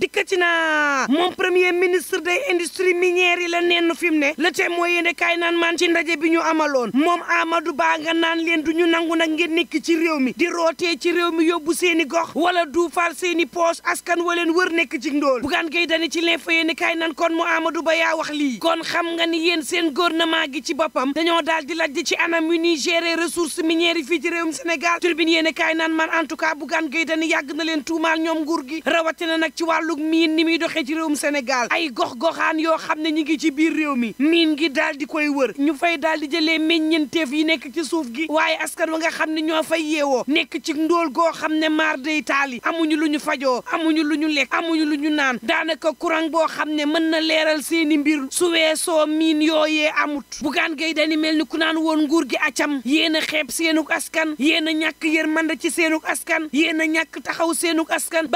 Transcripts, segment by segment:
dikkati na moom premier ministre des industries minières yi la nenn fi mu ne le tey mooy yéene kaay naan maan ci ndaje bi ñu amaloon moom amadu Ba nga naan leen du ñu nangu nag ngeen nekk ci réew mi di rootee ci réew mi yóbbu seeni gox wala duufal seen i poche askan wa leen wër nekk ci ndóol bugaan gay dani ci leen fa yéene kaay naan kon moo Amadou Ba yaa wax lii kon xam nga ni yéen seen góor na maa gi ci boppam dañoo daal di laaj ci anam yu ñuy gérer ressources minières yi fii ci réewum Sénégal turbine yéene kaay naan man en tout cas bugaan gay dani yàgg na leen tuumaal ñoom nguur gi rawatina nag ci wàllu wàllu miin ni muy doxee ci réewum Sénégal ay gox-goxaan yoo xam ne ñi ngi ci biir réew mi miin ngi daal di koy wër ñu fay daal di jëlee meññeenteef yi nekk ci suuf gi waaye askan ba nga xam ne ñoo fay yeewoo nekk ci ndóol goo xam ne maar day taali amuñu lu ñu fajoo amuñu lu ñu lekk amuñu lu ñu naan daanaka kuran boo xam ne mën na leeral seeni mbir su weesoo miin yooyee amut bugaan gay dañu mel ni ku naan woon nguur gi acam yéen a xeeb seenuk askan yéen a ñàkk yërmande ci seenuk askan yéen ñàkk taxaw seenuk askan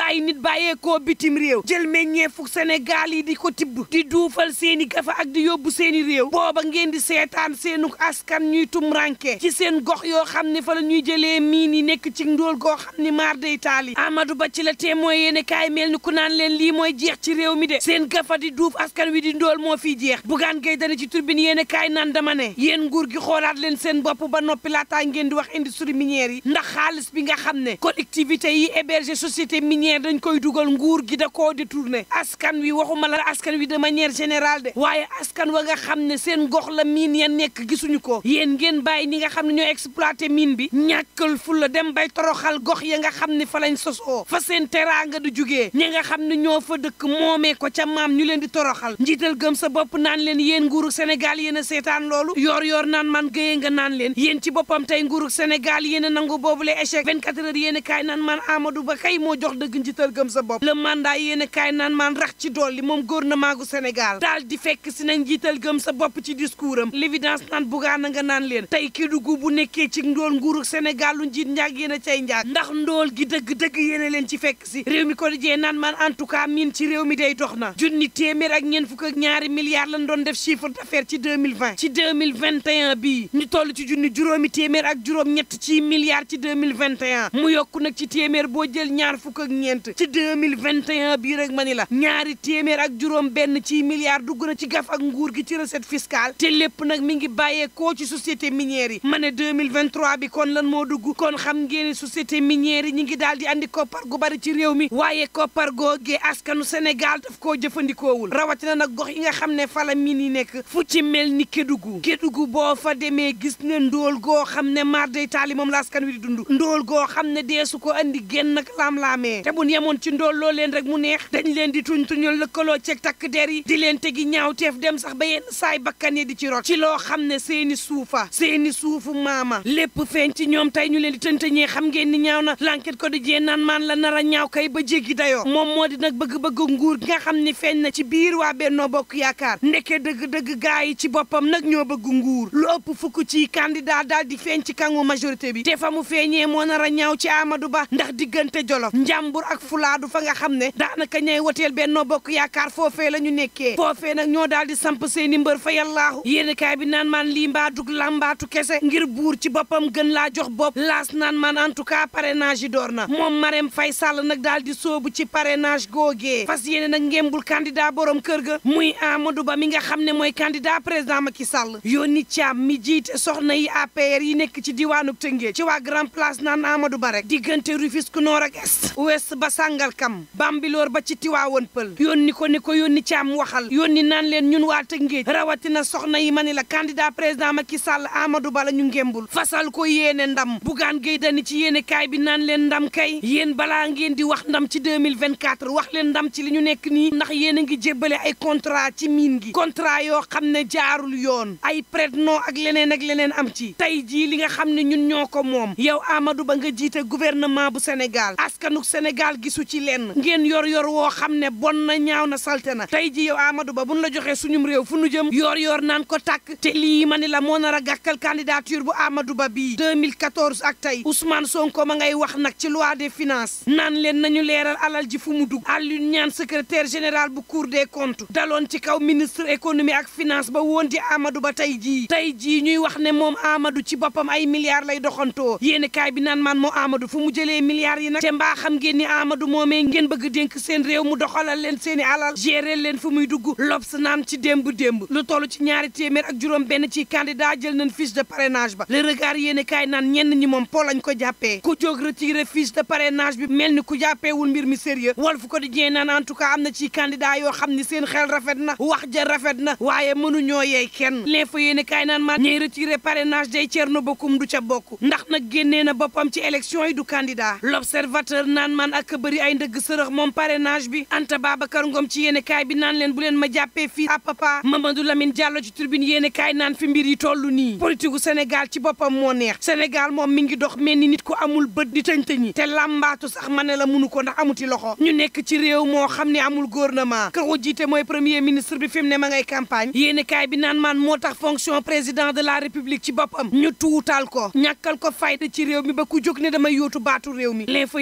réew jël meññeefu Sénégal yi di ko tibb di duufal seeni gafa ak di yóbbu seeni réew booba ngeen di seetaan seenu askan ñuy tumranke ci seen gox yoo xam ne fa la ñuy jëlee miin yi nekk ci ndóol goo xam ni maar day taal yi Amadou Ba ci la témoin yéene kaay mel ni ku naan leen lii mooy jeex ci réew mi de seen gafa di duuf askan wi di ndool moo fi jeex bugaan gay dana ci turbine yéene kaay naan dama ne yéen nguur gi xoolaat leen seen bopp ba noppi laataa ngeen di wax industrie minière yi ndax bi nga xam ne collectivité yi héberger société minière dañ koy dugal koo détourné askan wi waxuma la askan wi de manière générale de waaye askan wa nga xam ne seen gox la miin ya nekk gisuñu ko yéen ngeen bàyyi ni nga xam ne ñoo exploité miin bi ñàkkal fu la dem bay toroxal gox ya nga xam ne fa lañ sosoo fa seen teraanga di jugee ñi nga xam ne ñoo fa dëkk moomee ko ca maam ñu leen di toroxal njiital gëm sa bopp naan leen yéen nguuru Sénégal yéen seetaan loolu yoor yor naan man géyee nga naan leen yéen ci boppam tey nguuru Sénégal yéen a nangu boobule échec 24 heures yéen a kaay naan man Ba kay moo jox dëgg njiital gëm sa bopp le mandat yéen kaay naan maan rax ci dolli moom gouvernement gu Sénégal daal di fekk si nañ njiital gëm sa bopp ci discours am l'évidence naan bugaana nga naan leen tey ki dugg bu nekkee ci ndool nguuru Sénégal lu njiit njaag yéen a cay njaag ndax ndool gi dëgg-dëgg yéen leen ci fekk si réew mi quotidien naan maan en tout cas miin ci réew mi day dox na junni téeméer ak ñeent fukk ak ñaari milliards lañ doon def chiffre d'affaires ci 2020 ci 2021 bii ñu toll ci junni juróomi téeméer ak juróom ñett ci milliards ci 2021 mu yokku nag ci téeméer boo jël ñaar fukk ak ñeent ci 2021 2021 bii rek ma ni la ñaari téeméer ak juróom benn ci milliards dugg na ci gaf ak nguur gi ci recette fiscale te lépp nag mi ngi bàyyee koo ci société minière yi ma ne 2023 bi kon lan moo dugg kon xam ngeen ni société minière yi ñi ngi daal di andi koppar gu bari ci réew mi waaye koppar googee askanu Sénégal daf koo jëfandikoowul rawatina nag gox yi nga xam ne fala la ni nekk fu ci mel ni Kédougou Kédougou boo fa demee gis ne ndóol goo xam ne maar day taali moom la askan wi di dund ndóol goo xam ne deesu ko andi génn ak laam-laamee ci ndóol leen mu neex dañ leen di tuñ tuñal lëkkaloo ceeg takk der yi di leen tegi ñaaw teef dem sax ba yenn saay bakkan yi di ci rot ci loo xam ne seeni suufa seeni suufu maama lépp feeñ ci ñoom tey ñu leen di tëntëñee xam ngeen ni ñaaw na l'enquête ko di jee naan maan la nara a ñaaw kay ba jéggi dayoo moom moo di nag bëgg-bëgg nguur gi nga xam ni feeñ na ci biir waa Bennoo Bokk Yaakaar nekkee dëgg-dëgg gaay yi ci boppam nag ñoo bëgg nguur lu ëpp fukk ci candidat daal di feeñ ci kangu majorité bi te fa mu feeñee moo nar a ñaaw ci Amadou Ba ndax diggante Jolof Njàmbur ak Fulaadu fa nga xam ne daanaka ñay woteel Benno Bokk Yaakaar foofee la ñu nekkee foofee nag ñoo daal di samp seeni mbër fa yàllaahu yéen kaay bi naan maan lii mbaadug làmbaatu kese ngir buur ci boppam gën laa jox bopp laas naan maan en tout cas yi door na moom Marème fay sàll nag daal di soobu ci parrainage googee fas yéene nag ngembul candidat borom kër ga muy Amadou Ba mi nga xam ne mooy candidat président Macky Sall yónni Thiam mi jiite soxna yi APR yi nekk ci diwaanu Tëngéej ci waa Grand Place naan Amadou Ba rek diggante Rufisque Nord ak Est Ouest ba Sangalkam Bambilor Djiloor ba ci Tiwaawoon Pël yónni ko ni ko yónni caam waxal yónni naan leen ñun waa Tëngéej rawatina soxna yi ma ni la candidat président Macky Sall Amadou Ba la ñu ngémbul fasal ko yéene ndam Bougane Gueye Dany ci yéenekaay bi naan leen ndam kay yéen balaa ngeen di wax ndam ci 2024 wax leen ndam ci li ñu nekk nii ndax yéen a ngi jébbale ay contrat ci miin gi kontra yoo xam ne jaarul yoon ay prête-nom ak leneen ak leneen am ci tey jii li nga xam ne ñun ñoo ko moom yow Amadou Ba nga jiite gouvernement bu Sénégal askanuk Sénégal gisu ci lenn ngeen yor yor-yor woo xam ne bon na ñaaw na salte na tey ji yow Amadou Ba buñ la joxee suñum réew fu nu jëm yor-yor naan ko tàkk te lii ma ni la moo nar a gàkkal candidature bu Amadou Ba bii 2014 ak tey Ousmane Sonko ma ngay wax nag ci loi des finances naan leen nañu leeral alal ji fu mu dugg Alioune Niane secrétaire général bu cour des comptes daloon ci kaw ministre économie ak finance ba woon di Amadou Ba tey jii tey jii ñuy wax ne moom Amadou ci boppam ay milliards lay doxantoo yéen kaay bi naan maan moo Amadou fu mu yi nag te mbaa bëgg dénk seen réew mu doxalal leen seen i alal gérer leen fu muy dugg lobs naan ci démb démb lu toll ci ñaari téeméer ak juróom benn ci candidat jël nañ fiche de parrainage ba le regard kaay naan ñenn ñi moom poo lañ ko jàppee ku jóg retiré fiche de parrainage bi mel ni ku jàppeewul mbir mi sérieux Walf Quotidien naan en tout cas am na ci candidat yoo xam ni seen xel rafet na wax ja rafet na waaye mënuñoo yeey kenn l'info yéene kaay naan maa ñey retiré parrainage day Thierno Bocoum du ca bokk ndax nag génnee na boppam ci élection yi du candidat l'observateur naan maan ak bëri ay ndëgg sërëx moom parrainage bi Anta Babacar Ngom ci yéene kaay bi naan leen bu leen ma jàppee fii à papa Mamadou Lamine Diallo ci tribune yéene kaay naan fi mbir yi toll nii politique gu ci boppam moo neex Sénégal moom mi ngi dox mel ni nit ku amul bët di tëñtëñi te làmbaatu sax ma ne la munu ko ndax amuti loxo ñu nekk ci réew moo xam ne amul gouvernement ka ko jiite mooy premier ministre bi fi mu ne ma ngay campagne yéene kaay bi naan maan moo tax fonction président de la république ci boppam ñu tuutal ko ñàkkal ko fayda ci réew mi ba ku jóg ne dama yóotu baatu réew mi l'info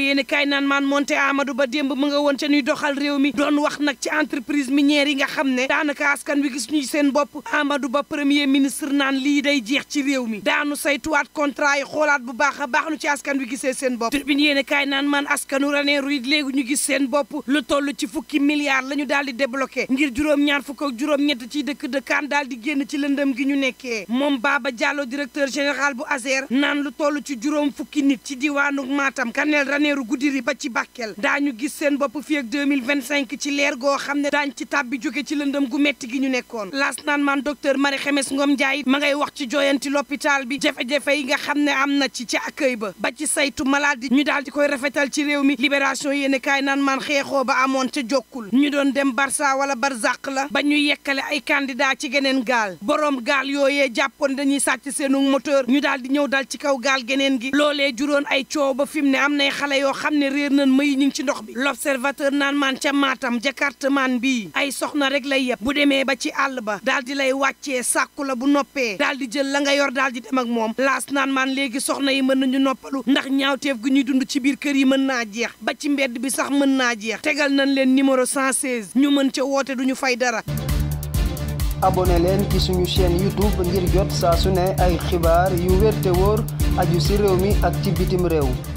woon ca ñuy doxal réew mi doon wax nag ci entreprise minière yi nga xam ne daanaka askan wi gis ñuy seen bopp Amadou Ba premier ministre naan lii day jeex ci réew mi daanu saytuwaat contrat yi xoolaat bu baax a baax nu ci askan wi gisee seen bopp tribune yéene kaay naan man askanu raneeru yi léegi ñu gis seen bopp lu toll ci fukki milliards la ñu daal di débloqué ngir juróom-ñaar fukk ak juróom-ñett ci dëkk dëkkaan daal di génn ci lëndëm gi ñu nekkee moom Baba Diallo directeur général bu ASER naan lu toll ci juróom fukki nit ci diwaanu Matam Kanel Raneeru Goudiri ba ci Bakel daañu gis ko fi ak 2025 ci leer goo xam ne daañ ci tàbbi jóge ci lëndëm gu metti gi ñu nekkoon laas naan man docteur Marie Xemes Ngom Ndiaye ma ngay wax ci jooyanti l'hôpital bi jafe-jafe yi nga xam ne am na ci ci accueil ba ba ci saytu maladie ñu daal di koy rafetal ci réew mi libération yéen kaay naan man xeexoo ba amoon ca jokkul ñu doon dem Barça wala Barzak la ba ñuy yekkale ay kandidaa ci geneen gaal borom gaal yooye jàppoon dañuy sàcc seenu moteur ñu daal di ñëw dal ci kaw gaal geneen gi loolee juróon ay coow fi mu am nay xale yoo xam ne réer nañ may ñu ci ndox bi l'observateur naan maan ca Matam jakartemaan bii ay soxna rek lay yeb bu demee ba ci àll ba daal di lay wàccee sàkku la bu noppee daal di jël la nga yor daal di dem ak moom laas naan maan léegi soxna yi mën nañu noppalu ndax ñaawteef gu ñuy dund ci biir kër yi mën naa jeex ba ci mbedd bi sax mën naa jeex tegal nañ leen numéro 116 ñu mën ca woote duñu fay dara abonné leen ci suñu chaîne youtube ngir jot saa su ne ay xibaar yu wér te wóor aju ci réew mi ak ci bitim réew